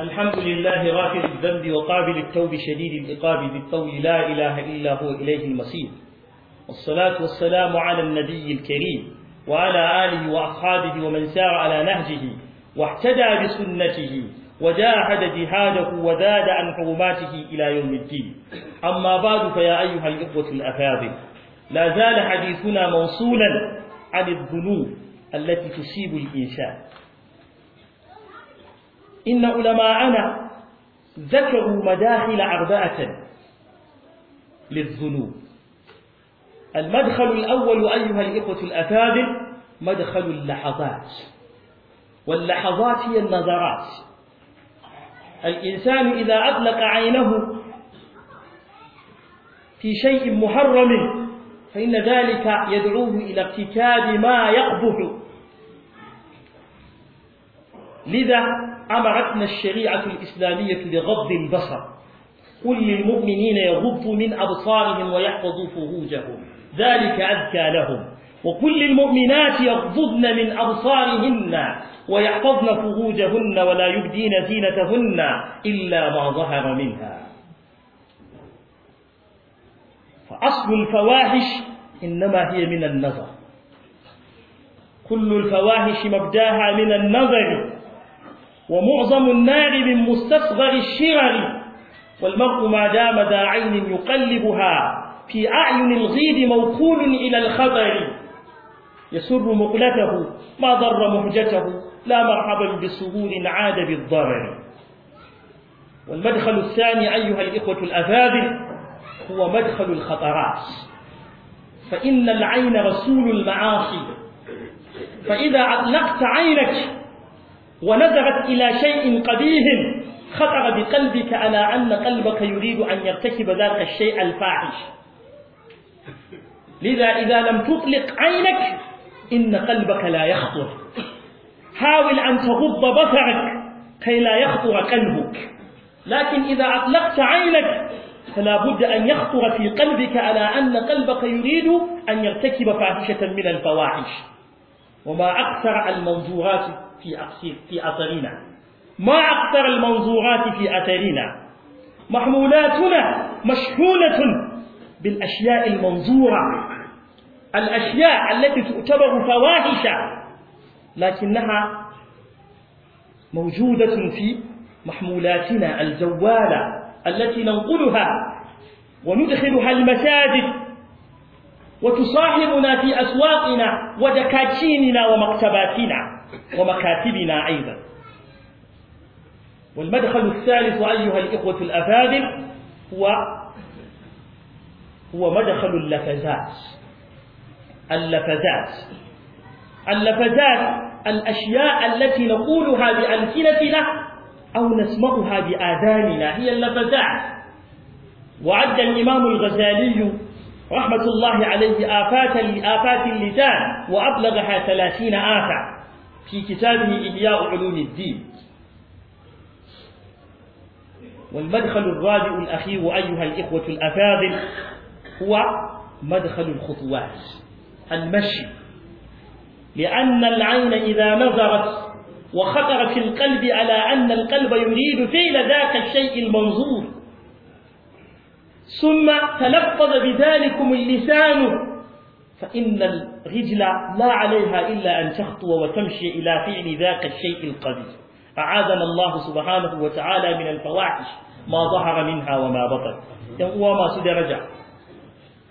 الحمد لله غافر الذنب وقابل التوب شديد العقاب ذي الطول لا إله إلا هو إليه المصير والصلاة والسلام على النبي الكريم وعلى آله وأصحابه ومن سار على نهجه واحتدى بسنته وجاهد جهاده وزاد عن حرماته إلى يوم الدين أما بعد فيا أيها الإخوة الأفاضل لا زال حديثنا موصولا عن الذنوب التي تصيب الإنسان إن علماءنا ذكروا مداخل أربعة للذنوب المدخل الأول أيها الإخوة الأكابر مدخل اللحظات واللحظات هي النظرات الإنسان إذا أطلق عينه في شيء محرم فإن ذلك يدعوه إلى ارتكاب ما يقبح لذا أمرتنا الشريعة الإسلامية بغض البصر قل للمؤمنين يغضوا من أبصارهم ويحفظوا فروجهم ذلك أذكى لهم وقل للمؤمنات يغضضن من أبصارهن ويحفظن فروجهن ولا يبدين زينتهن إلا ما ظهر منها فأصل الفواحش إنما هي من النظر كل الفواحش مبداها من النظر ومعظم النار من مستصغر الشرر والمرء ما دام ذا عين يقلبها في أعين الغيد موكول إلى الخبر يسر مقلته ما ضر مهجته لا مرحبا بسهول عاد بالضرر والمدخل الثاني أيها الإخوة الأفاضل هو مدخل الخطرات فإن العين رسول المعاصي فإذا أطلقت عينك ونظرت إلى شيء قبيح خطر بقلبك على أن قلبك يريد أن يرتكب ذلك الشيء الفاحش لذا إذا لم تطلق عينك إن قلبك لا يخطر حاول أن تغض بصرك كي لا يخطر قلبك لكن إذا أطلقت عينك فلا بد أن يخطر في قلبك على أن قلبك يريد أن يرتكب فاحشة من الفواحش وما أكثر المنظورات في في أثرنا ما أكثر المنظورات في أثرنا محمولاتنا مشحونة بالأشياء المنظورة الأشياء التي تعتبر فواحشة لكنها موجودة في محمولاتنا الجوالة التي ننقلها وندخلها المساجد وتصاحبنا في أسواقنا ودكاتيننا ومكتباتنا ومكاتبنا أيضا والمدخل الثالث أيها الإخوة الأفاضل هو هو مدخل اللفزات اللفزات اللفزات الأشياء التي نقولها بألسنتنا أو نسمعها بآذاننا هي اللفزات وعد الإمام الغزالي رحمة الله عليه آفات, آفات اللسان وأبلغها ثلاثين آفة في كتابه إحياء علوم الدين والمدخل الرابع الأخير أيها الإخوة الأفاضل هو مدخل الخطوات المشي لأن العين إذا نظرت وخطر في القلب على أن القلب يريد فعل ذاك الشيء المنظور ثم تلفظ بذلكم اللسان فإن الرجل لا عليها إلا أن تخطو وتمشي إلى فعل ذاك الشيء القبيح أعاذنا الله سبحانه وتعالى من الفواحش ما ظهر منها وما بطن يقوى ما سيدي رجع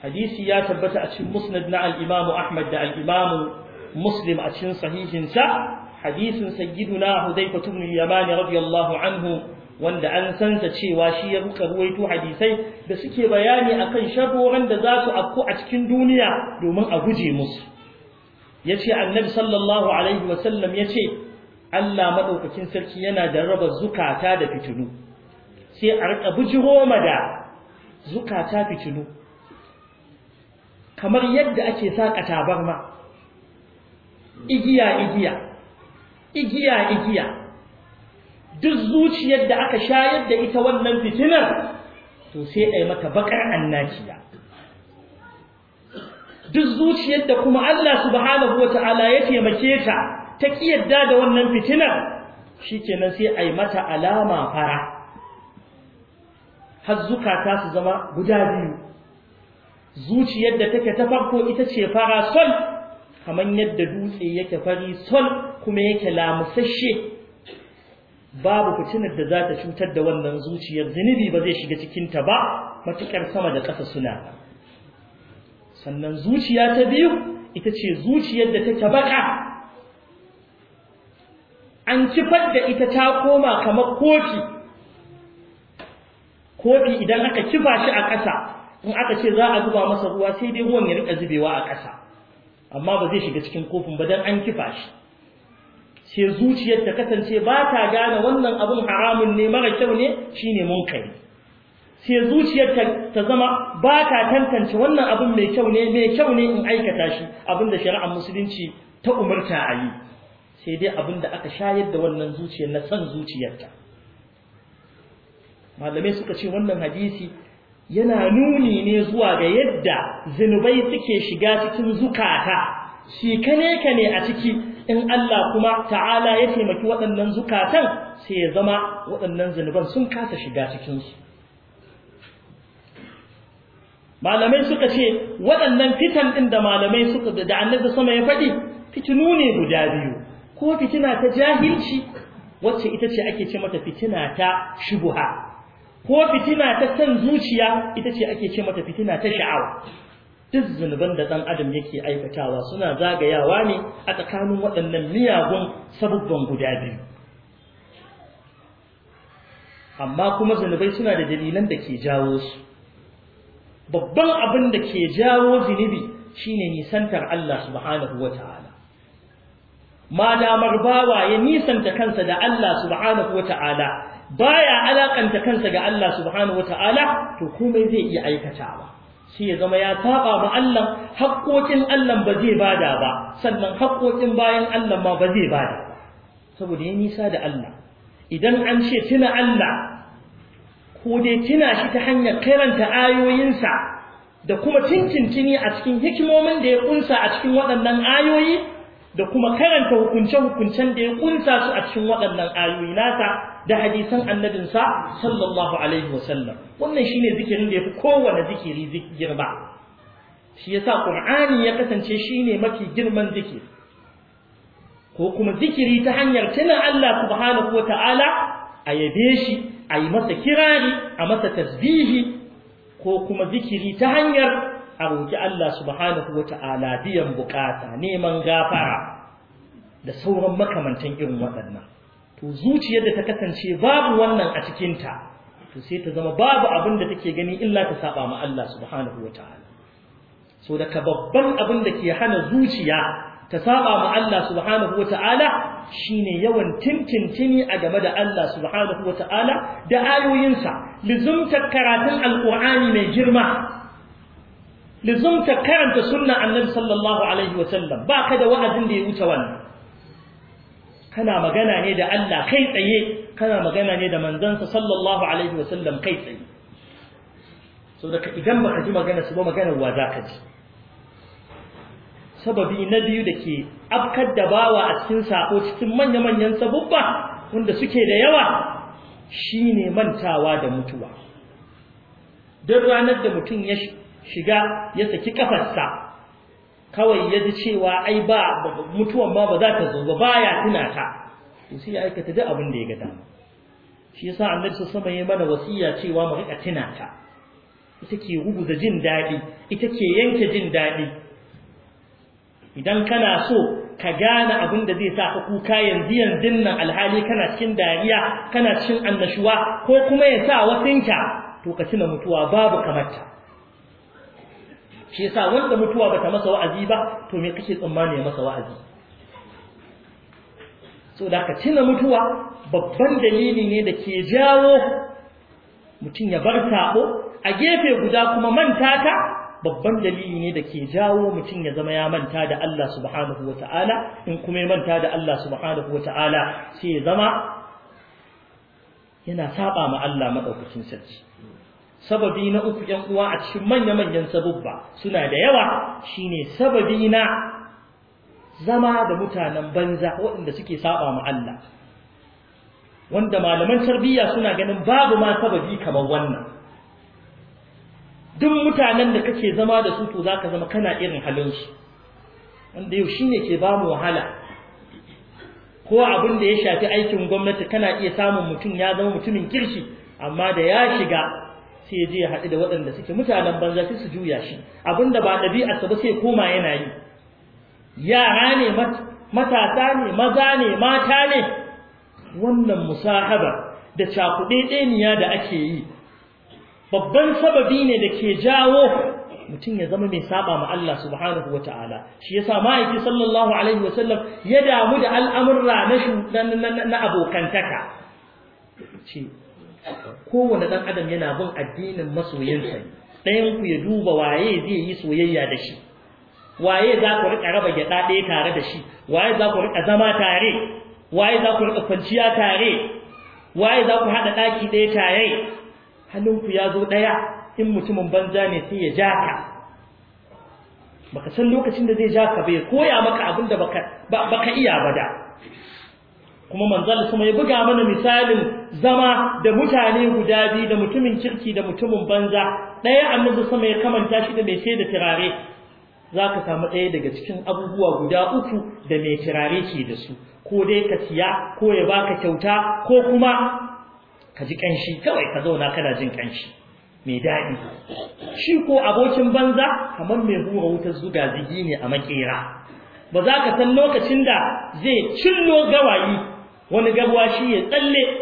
حديث يا ثبت أشن مسندنا الإمام أحمد الإمام مسلم أشن صحيح سع حديث سيدنا هديفة بن اليمان رضي الله عنه wanda an sansa cewa shi ya ruka ruwaito hadisai da suke bayani akan shagoran da za su afku a cikin duniya domin a guje musu yace annabi sallallahu alaihi wasallam yace Allah madaukakin sarki yana raba zukata da fitinu sai a rika bujiro da zukata fitinu kamar yadda ake saka tabarma igiya igiya igiya igiya duk zuciyar da aka shayar da ita wannan fitinar to sai ai mata bakar annakiya duk zuciyar da kuma Allah subhanahu wata'ala ya taimake ta ta kiyarda da wannan fitinar shikenan sai ai mata alama fara har zukata su zama guda biyu zuciyar da take ta farko ita ce fara sol kamar yadda dutse yake fari sol kuma yake lamusasshe babu fitinar da za ta cutar da wannan zuciyar zunubi ba zai shiga cikinta ba matuƙar sama da ƙasa suna sannan zuciya ta biyu ita ce zuciyar da take baka an ci da ita ta koma kamar kofi kofi idan aka kifa shi a ƙasa in aka ce za a zuba masa ruwa sai dai ruwan ya riƙa zubewa a ƙasa amma ba zai shiga cikin kofin ba don an kifa shi sai zuciyar ta kasance ba ta gane wannan abin haramun ne mara kyau ne shine munkari sai zuciyar ta zama ba ta tantance wannan abin mai kyau ne mai kyau ne in aikata shi abin da shari'ar musulunci ta umarta a yi sai dai abin da aka shayar da wannan zuciyar na san zuciyarta malamai suka ce wannan hadisi yana nuni ne zuwa ga yadda zinubai suke shiga cikin zukata shi kane kane a ciki in Allah kuma ta'ala ya taimaki waɗannan zukatan sai ya zama waɗannan zunuban sun kasa shiga cikinsu malamai suka ce waɗannan fitan ɗin da malamai suka da annabi sama ya faɗi fitinu ne guda biyu ko fitina ta jahilci wacce ita ce ake ce mata fitina ta shubuha ko fitina ta san zuciya ita ce ake ce mata fitina ta sha'awa duk zunuban da ɗan adam yake aikatawa suna zagayawa ne a tsakanin waɗannan miyagun sabubban guda biyu amma kuma zunubai suna da dalilan da ke jawo su babban abin da ke jawo zunubi shine nisantar Allah subhanahu wa ta'ala ma bawa ya nisanta kansa da Allah subhanahu wa ta'ala baya alakanta kansa ga Allah subhanahu wa ta'ala to komai zai iya aikatawa shi ya zama ya saba ma Allah haƙoƙin Allah ba zai bada ba sannan haƙoƙin bayan Allah ma ba zai bada saboda ya nisa da Allah idan an ce tuna Allah ko dai tuna shi ta hanyar karanta ayoyinsa da kuma tintintini a cikin hikimomin da ya kunsa a cikin waɗannan ayoyi da kuma karanta hukunce-hukuncen da ya kunsa su a cikin waɗannan ayoyi nasa da hadisan annabinsa sallallahu alaihi wasallam wannan shine zikirin da yafi kowane zikiri girma shi yasa qur'ani ya kasance shine mafi girman zikiri ko kuma zikiri ta hanyar tuna Allah subhanahu wataala a yabe shi a yi masa kirari a masa tasbihi ko kuma zikiri ta hanyar a roki Allah subhanahu wataala biyan bukata neman gafara da sauran makamantan irin waɗannan to zuciyar da ta kasance babu wannan a cikinta to sai ta zama babu abin da take gani illa ta saba ma Allah subhanahu wa so daga babban abin da ke hana zuciya ta saba ma Allah subhanahu wa ta'ala shine yawan tintintini a game da Allah subhanahu da ayoyinsa lizumtar karatun alqur'ani mai girma lizumta karanta sunna annabi sallallahu alaihi wa sallam baka da wa'azin da ya wuce wannan kana magana ne da Allah kai tsaye kana magana ne da manzansa sallallahu alaihi wasallam kai tsaye so da idan baka ji magana su ba magana wa ka ji sababi na biyu dake afkar da bawa a cikin sako cikin manya-manyan sabubba wanda suke da yawa shine mantawa da mutuwa duk ranar da mutum ya shiga ya saki kafarsa kawai ya ji cewa ai ba mutuwan ma ba za ta zo ba baya tuna ta to sai ya aikata duk abin da ya ga dama shi yasa annabi sallallahu ya mana wasiya cewa mu rika tuna ta ita ke rubuta jin daɗi ita ke yanke jin daɗi idan kana so ka gane abin da zai sa ka kuka yanzu yanzu nan alhali kana cikin dariya kana cikin annashuwa ko kuma yasa sa wasinka to ka tuna mutuwa babu kamar ta shi yasa wanda mutuwa bata masa wa'azi ba to me kake tsammani ya masa wa'azi so da ka tina mutuwa babban dalili ne da ke jawo mutum ya bar sabo a gefe guda kuma manta ta babban dalili ne da ke jawo mutum ya zama ya manta da Allah subhanahu wata'ala in kuma ya manta da Allah subhanahu wata'ala sai ya zama yana saba ma Allah maɗaukacin sarki sababi na uku ‘yan uwa a cikin manya-manyan sababba suna da yawa shine sababi na zama da mutanen banza waɗanda suke saba mu Allah wanda malaman tarbiyya suna ganin babu ma sababi kamar wannan duk mutanen da kake zama da su to zaka zama kana irin halinsu wanda yau shine ke ba mu wahala ko abin da ya shafi aikin gwamnati kana iya samun mutum ya zama mutumin kirshi amma da ya shiga sai ya je ya haɗu da waɗanda suke mutanen banza sai su juya shi abinda ba ɗabi'arsa ba sai koma yana yi yara ne matasa ne maza ne mata ne wannan musahaba da cakuɗeɗeniya da ake yi babban sababi ne da ke jawo mutum ya zama mai saba ma Allah subhanahu wa ta'ala shi yasa ma'aiki sallallahu alaihi wa sallam ya damu da al'amurra na abokantaka ce kowane ɗan adam yana bin addinin masoyinsa ɗayan ku ya duba waye zai yi soyayya da shi waye za ku riƙa raba gyaɗa ɗaya tare da shi waye za ku riƙa zama tare waye za ku riƙa kwanciya tare waye za ku haɗa ɗaki ɗaya tare ku ya zo ɗaya in mutumin banza ne sai ya ja ka baka san lokacin da zai ja ka bai koya maka abin da baka iya ba da kuma manzal kuma ya buga mana misalin zama da mutane guda biyu da mutumin kirki da mutumin banza ɗaya annabi sama ya kamanta shi da mai sai da turare za ka samu ɗaya daga cikin abubuwa guda uku da mai tirare ke da su ko dai ka siya ko ya baka kyauta ko kuma ka ji ƙanshi kawai ka zauna kana jin ƙanshi mai daɗi shi ko abokin banza kamar mai hura wutar zuga zigi ne a makera ba za ka san lokacin da zai cillo gawayi wani gabuwa shi ya tsalle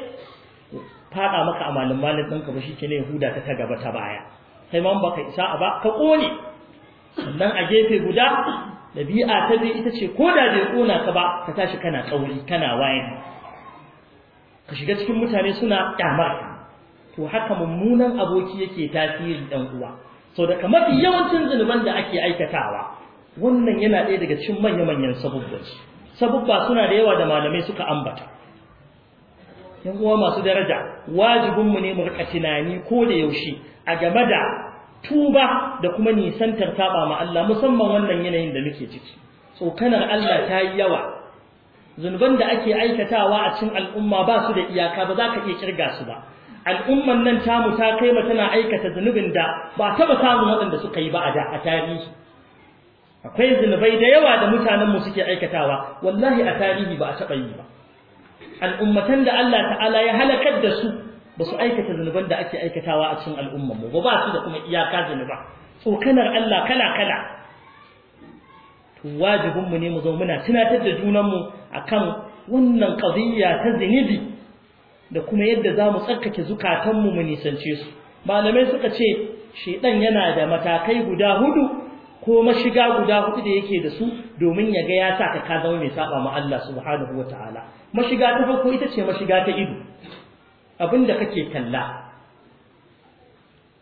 faɗa maka amalin malin ɗanka ba shi ke ne huda ta ta gaba ta baya sai ma ka isa ba ka ƙone sannan a gefe guda ɗabi'a ta biyu ita ce ko da bai ƙona ka ba ka tashi kana tsauri kana wayan ka shiga cikin mutane suna ƙyamar to haka mummunan aboki yake tasiri ɗan uwa sau da mafi yawancin zunuban da ake aikatawa wannan yana ɗaya daga cikin manya-manyan sabubbansu sabubba suna da yawa da malamai suka ambata yan uwa masu daraja wajibin mu ne mu rika tunani ko da yaushe a game da tuba da kuma nisantar saba ma Allah musamman wannan yanayin da muke ciki tsokanar Allah ta yi yawa zunuban da ake aikatawa a cikin al'umma ba su da iyaka ba za ka iya kirga su ba al'umman nan tamu ta kai tana aikata zunubin da ba taba samun waɗanda suka yi ba a tarihi akwai zunubai da yawa da mutanenmu suke aikatawa wallahi a tarihi ba a taɓa yi ba al'ummatan da Allah ta'ala ya halakar da su ba su aikata zunuban da ake aikatawa a cikin al'ummarmu ba ba su da kuma iyaka zunuba tsokanar Allah kala kala to wajibinmu ne mu zo muna tunatar da junanmu akan wannan qadiyya ta zunubi da kuma yadda za mu tsarkake zukatanmu mu nisance su malamai suka ce shedan yana da matakai guda hudu ko mashiga guda hudu da yake da su domin ya ga ya sa ka ka zama mai saba ma Allah subhanahu wataala mashiga ta farko ita ce mashiga ta ido abinda kake kalla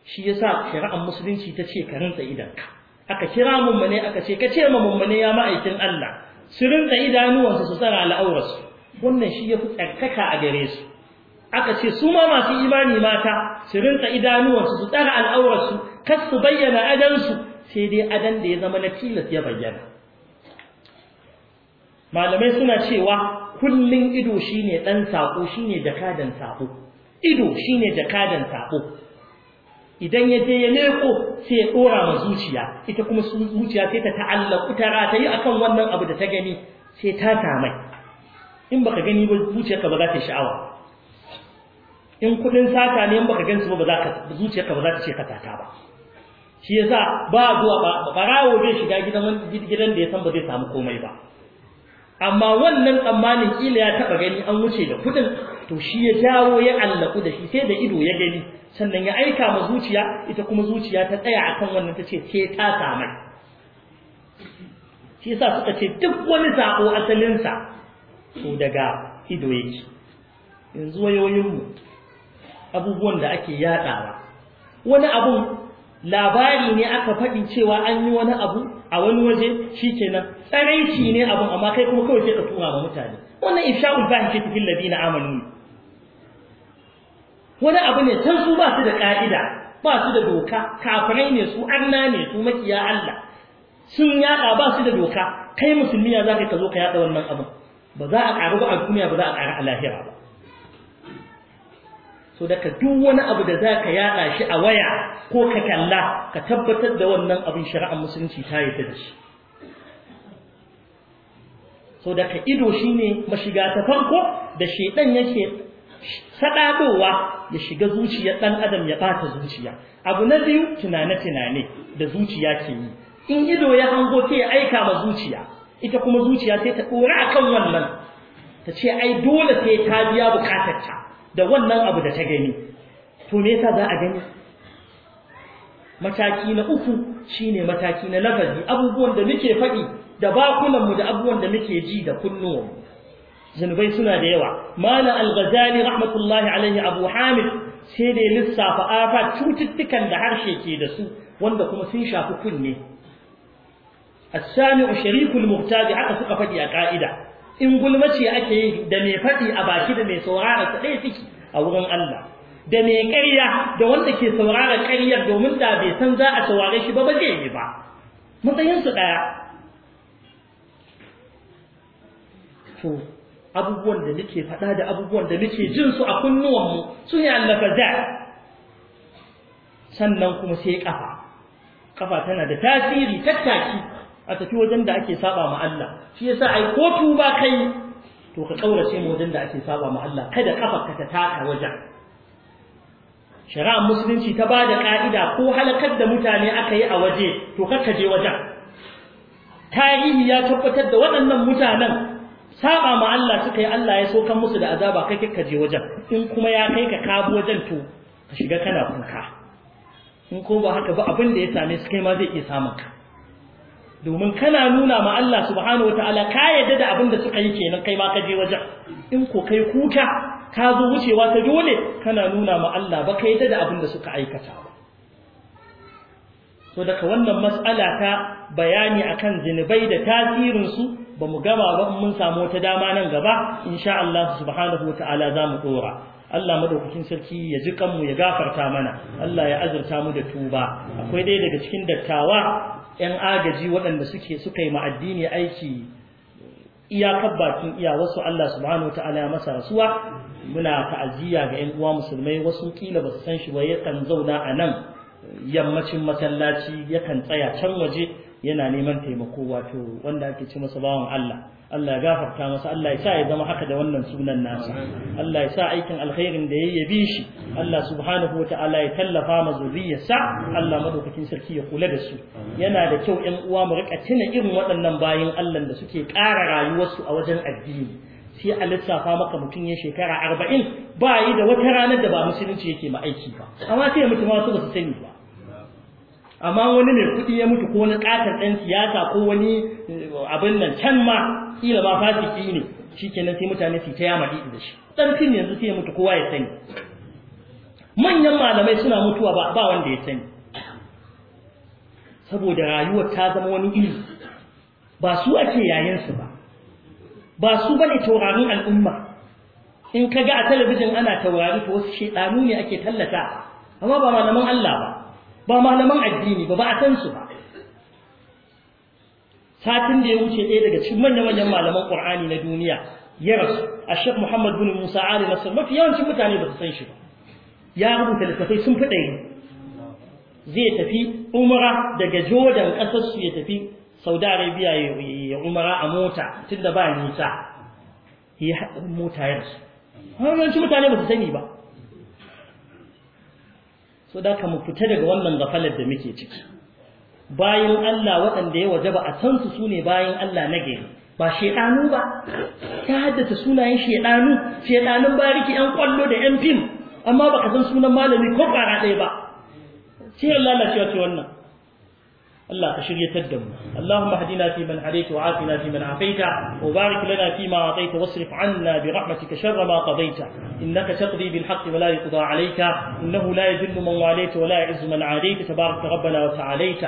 shi yasa shari'ar musulunci ta ce ka idan idanka aka kira mummune aka ce ka ce ma mummune ya ma'aikin Allah su rinka idanuwan su tsara al'aurarsu wannan shi ya fi tsarkaka a gare su aka ce su ma masu imani mata su rinka idanuwan su tsara al'aurarsu kar su bayyana adansu sai dai adan da ya zama na tilas ya bayyana malamai suna cewa kullun ido shine dan sako shine jakadan sako ido shine jakadan sako idan ya je ya leko sai ya dora ma zuciya ita kuma zuciya sai ta ta'allaku ta a akan wannan abu da ta gani sai ta tamai in baka gani ba zuciyarka ba za ta sha'awa in kudin sata ne in baka gansu ba ba za ka zuciyarka ba za ta ce ka tata ba shi yasa ba zuwa barawo zai shiga gidan gidan da ya san ba zai samu komai ba amma wannan tsammanin kila ya taba gani an wuce da kudin to shi ya jawo ya allaku da shi sai da ido ya gani sannan ya aika ma zuciya ita kuma zuciya ta tsaya akan wannan tace ce ta samu shi yasa suka ce duk wani zabo asalin sa to daga ido yake yanzu wayoyin mu abubuwan da ake yadawa wani abun labari ne aka faɗi cewa an yi wani abu a wani waje shi kenan tsaraici ne abun amma kai kuma kawai sai ka tura wa mutane wannan ifsha'ul fahishi fil ladina amanu wani abu ne can su ba su da ka'ida ba su da doka kafirai ne su arna ne su makiya Allah sun yaɗa ba su da doka kai musulmi za zaka ka zo ka yaɗa wannan abin ba za a ƙaru ba a duniya ba za a ƙaru a lahira ba so daga duk wani abu da za ka yaɗa shi a waya ko ka kalla ka tabbatar da wannan abin shari'ar musulunci ta yi da shi so daga ido shine mashiga ta farko da shedan yake sadadowa ya shiga zuciya dan adam ya bata zuciya abu na biyu tunane tunane da zuciya ke yi in ido ya hango sai ya aika ma zuciya ita kuma zuciya sai ta dora akan wannan ta ce ai dole sai ta biya bukatarta da wannan abu da ta gani to me yasa za a gani mataki na uku shine mataki na lafazi abubuwan da muke faɗi da bakunanmu da abubuwan da muke ji da kunnuwanmu zunubai suna da yawa malam al-ghazali rahmatullahi alaihi abu hamid sai dai lissafa afa cututtukan da harshe ke da su wanda kuma sun shafi kunne as-sami'u sharikul muhtaji haka suka faɗi a ƙa'ida. in gulma ake yi da mai faɗi a baki da mai saurara ta ɗaya ciki a wurin Allah da mai ƙarya da wanda ke saurara ƙaryar domin da bai san za a saurare shi ba ba zai yi ba matsayinsu ɗaya to abubuwan da nake faɗa da abubuwan da nake jin su a kunnuwanmu su ne da sannan kuma sai ƙafa ƙafa tana da tasiri tattaki a tafi wajen da ake saba ma Allah shi yasa ai ko tuba kai to ka kaurace mu da ake saba ma Allah kada ka ta taka wajen shari'ar musulunci ta bada ka'ida ko halakar da mutane aka yi a waje to ka je wajen tarihi ya tabbatar da waɗannan mutanen saba ma Allah suka yi Allah ya sokan musu da azaba kai ka je wajen in kuma ya kai ka kabo wajen to ka shiga kana kuka in ko ba haka ba abin da ya same su kai ma zai iya samun ka domin kana nuna ma Allah subhanahu wataala ka yadda da abin da suka yi kenan kai ma ka je wajen in ko kai kuka ka zo wucewa ta dole kana nuna ma Allah ba ka yadda da abin da suka aikata ba so daga wannan mas'ala ta bayani akan zinubai da tasirin su ba mu gama ba mun samu wata dama nan gaba insha Allah subhanahu wataala za mu dora Allah madaukakin sarki ya ji kanmu ya gafarta mana Allah ya azurta mu da tuba akwai dai daga cikin dattawa 'yan agaji waɗanda suke suka yi ma addini aiki iyakar bakin iya wasu Allah subhanahu wa ta'ala masa rasuwa muna ta'aziyya ga 'yan'uwa uwa musulmai wasu kila ba su san shi ba yakan zauna a nan yammacin masallaci yakan tsaya can waje yana neman taimako wato wanda ake ce masa bawan Allah Allah ya gafarta masa Allah ya sa ya zama haka da wannan sunan nasa Allah ya sa aikin alkhairin da yayi bi shi Allah subhanahu ta'ala ya tallafa ma zuriyarsa Allah madaukakin sarki ya kula da su yana da kyau 'yan uwa mu rika tuna irin waɗannan bayin Allah da suke ƙara rayuwarsu a wajen addini sai a lissafa maka mutum ya shekara arba'in ba yi da wata ranar da ba musulunci yake ma aiki ba amma sai mutum wasu ba su sani ba amma wani mai kuɗi ya mutu ko wani ƙatar ɗan siyasa ko wani eh, abin nan can ma kila ma fasiki ne shi kenan sai mutane su ta yama da shi ɗarfin yanzu sai ya mutu kowa ya sani manyan malamai suna mutuwa ba ba wanda ya sani saboda rayuwar ta zama wani iri ba su ake yayinsu ba ba su bane taurarin al'umma in ka ga a talabijin ana taurari to wasu shedanu ne ake tallata amma ba malaman Allah ba ba malaman addini ba ba a san su ba satin da ya wuce ɗaya daga cikin manyan manyan malaman Qur'ani na duniya ya rasu a Sheikh Muhammad bin Musa Ali Nasir mafi yawancin mutane ba su san shi ba ya rubuta littattafai sun fi ɗaya zai tafi umara daga Jordan ƙasar su ya tafi Saudi Arabia ya umara a mota tunda ba nisa ya mota ya rasu yawancin mutane ba su sani ba so da ka mu fita daga wannan gafalar da muke ciki bayan Allah waɗanda ya waje ba a san su sune bayan Allah na gari ba shedanu ba ta haddata sunayen shedanu shedanun bariki yan kwallo da yan fim amma baka san sunan malami ko kwara ɗaya ba sai Allah lalacewa ce wannan الله أشرية الدم اللهم اهدنا فيمن هديت وعافنا فيمن عافيت وبارك لنا فيما أعطيت واصرف عنا برحمتك شر ما قضيت إنك تقضي بالحق ولا يقضى عليك إنه لا يذل من واليت ولا يعز من عاديت تبارك ربنا وتعاليت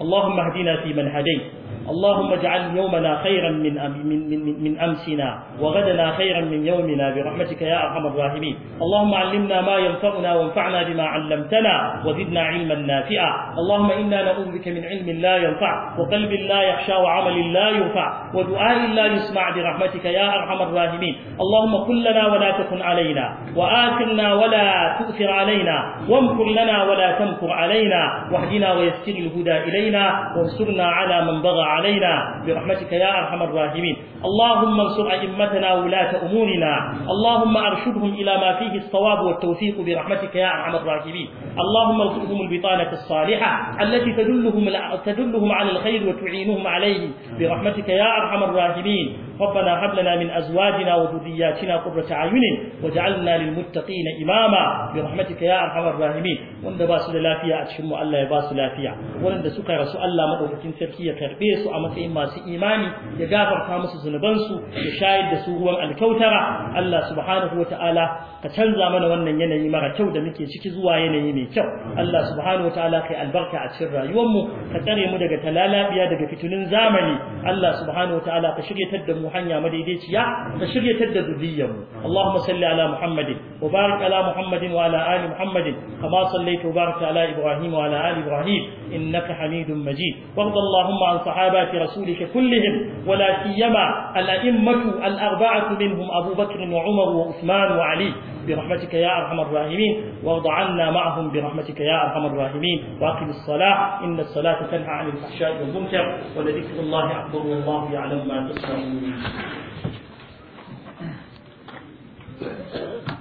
اللهم اهدنا فيمن هديت اللهم اجعل يومنا خيرا من من من, امسنا وغدنا خيرا من يومنا برحمتك يا ارحم الراحمين اللهم علمنا ما ينفعنا وانفعنا بما علمتنا وزدنا علما نافعا اللهم انا نعوذ بك من علم لا ينفع وقلب لا يخشى وعمل لا ينفع ودعاء لا يسمع برحمتك يا ارحم الراحمين اللهم كن لنا ولا تكن علينا واثرنا ولا تؤثر علينا وامكر لنا ولا تمكر علينا واهدنا ويسر الهدى الينا وانصرنا على من بغى علينا علينا برحمتك يا أرحم الراحمين اللهم انصر أئمتنا ولاة أمورنا اللهم أرشدهم إلى ما فيه الصواب والتوفيق برحمتك يا أرحم الراحمين اللهم ارزقهم البطانة الصالحة التي تدلهم, تدلهم على الخير وتعينهم عليه برحمتك يا أرحم الراحمين ربنا هب لنا من أزواجنا وذرياتنا قرة أعين وجعلنا للمتقين إماما برحمتك يا أرحم الراحمين wanda ba su da lafiya a cikin mu Allah ya ba su lafiya wanda suka rasu Allah madaukakin sarki ya karbe su a matsayin masu imani ya gafarta musu zunuban su ya shayar da su ruwan alkautara Allah subhanahu wataala ka canza mana wannan yanayi mara kyau da muke ciki zuwa yanayi mai kyau Allah subhanahu ka yi albarka a cikin rayuwar mu ka tsare mu daga talalabiya daga fitilun zamani Allah subhanahu wataala ka shiryatar da hanya madaidaiciya ka shiryatar da zuriyarmu Allahumma salli ala Muhammadin وبارك على محمد وعلى آل محمد كما صليت وبارك على إبراهيم وعلى آل إبراهيم إنك حميد مجيد وارض اللهم عن صحابة رسولك كلهم ولا سيما الأئمة الأربعة منهم أبو بكر وعمر وعثمان وعلي برحمتك يا أرحم الراحمين وارض عنا معهم برحمتك يا أرحم الراحمين واقم الصلاة إن الصلاة تنهى عن الفحشاء والمنكر ولذكر الله أكبر والله يعلم ما تصنعون Thank you.